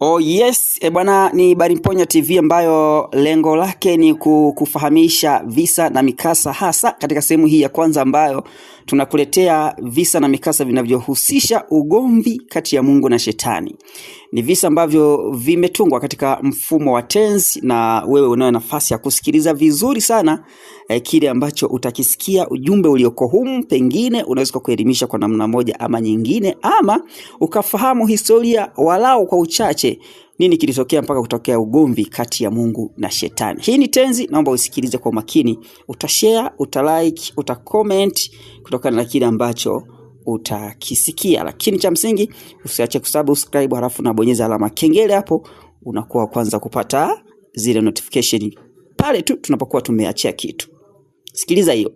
Oh yes, e bwana, ni Habari TV ambayo lengo lake ni kukufahamisha visa na mikasa, hasa katika sehemu hii ya kwanza ambayo tunakuletea visa na mikasa vinavyohusisha ugomvi kati ya Mungu na Shetani. Ni visa ambavyo vimetungwa katika mfumo wa tenzi, na wewe unayo nafasi ya kusikiliza vizuri sana eh, kile ambacho utakisikia, ujumbe ulioko humu, pengine unaweza kuelimisha kwa namna moja ama nyingine, ama ukafahamu historia walau kwa uchache chache nini kilitokea mpaka kutokea ugomvi kati ya Mungu na Shetani. Hii ni Tenzi, naomba usikilize kwa makini, utashare, utalike, utacomment kutokana na kile ambacho utakisikia, lakini cha msingi usiache kusubscribe, halafu nabonyeza alama kengele hapo, unakuwa kwanza kupata zile notification pale tu tunapokuwa tumeachia kitu. Sikiliza hiyo.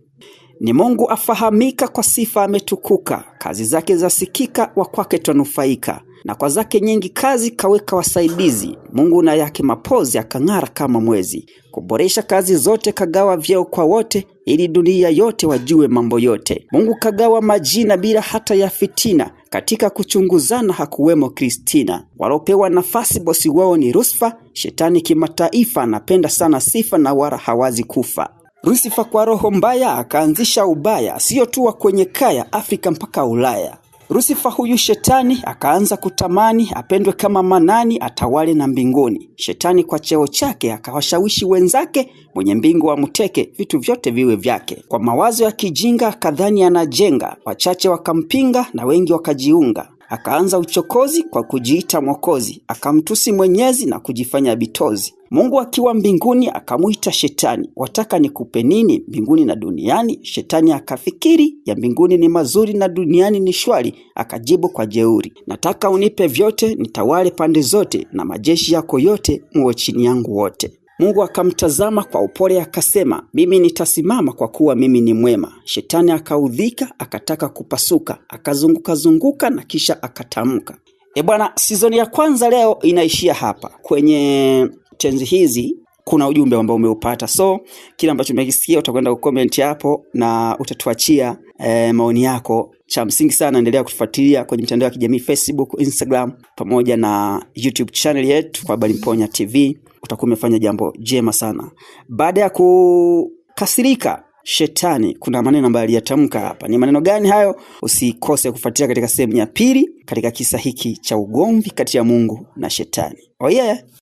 Ni Mungu afahamika kwa sifa, ametukuka, kazi zake zasikika, wa kwake twanufaika na kwa zake nyingi kazi kaweka wasaidizi. Mungu na yake mapozi akang'ara kama mwezi, kuboresha kazi zote, kagawa vyeo kwa wote, ili dunia yote wajue mambo yote. Mungu kagawa majina bila hata ya fitina, katika kuchunguzana hakuwemo Kristina. Walopewa nafasi bosi wao ni Rusfa, shetani kimataifa, anapenda sana sifa na wala hawazi kufa. Rusifa kwa roho mbaya akaanzisha ubaya, siyo tuwa kwenye kaya Afrika mpaka Ulaya. Lusifa huyu shetani akaanza kutamani apendwe kama Manani, atawale na mbinguni. Shetani kwa cheo chake akawashawishi wenzake, mwenye mbingu amteke, vitu vyote viwe vyake. Kwa mawazo ya kijinga kadhani anajenga, wachache wakampinga na wengi wakajiunga. Akaanza uchokozi kwa kujiita Mwokozi, akamtusi Mwenyezi na kujifanya bitozi. Mungu akiwa mbinguni akamwita Shetani, wataka nikupe nini mbinguni na duniani? Shetani akafikiri ya mbinguni ni mazuri na duniani ni shwari, akajibu kwa jeuri, nataka unipe vyote, nitawale pande zote, na majeshi yako yote muwe chini yangu wote. Mungu akamtazama kwa upole akasema, mimi nitasimama kwa kuwa mimi ni mwema. Shetani akaudhika, akataka kupasuka, akazunguka zunguka na kisha akatamka. E bwana, sizoni ya kwanza leo inaishia hapa. Kwenye tenzi hizi kuna ujumbe ambao umeupata, so kile ambacho umekisikia utakwenda kukomenti hapo na utatuachia e, maoni yako. Cha msingi sana, endelea kutufuatilia kwenye mitandao ya kijamii Facebook, Instagram pamoja na YouTube channel yetu kwa Habari Mponya TV utakuwa umefanya jambo jema sana. Baada ya kukasirika shetani, kuna maneno ambayo aliyatamka hapa. Ni maneno gani hayo? Usikose kufuatilia katika sehemu ya pili katika kisa hiki cha ugomvi kati ya Mungu na shetani. oh yeah.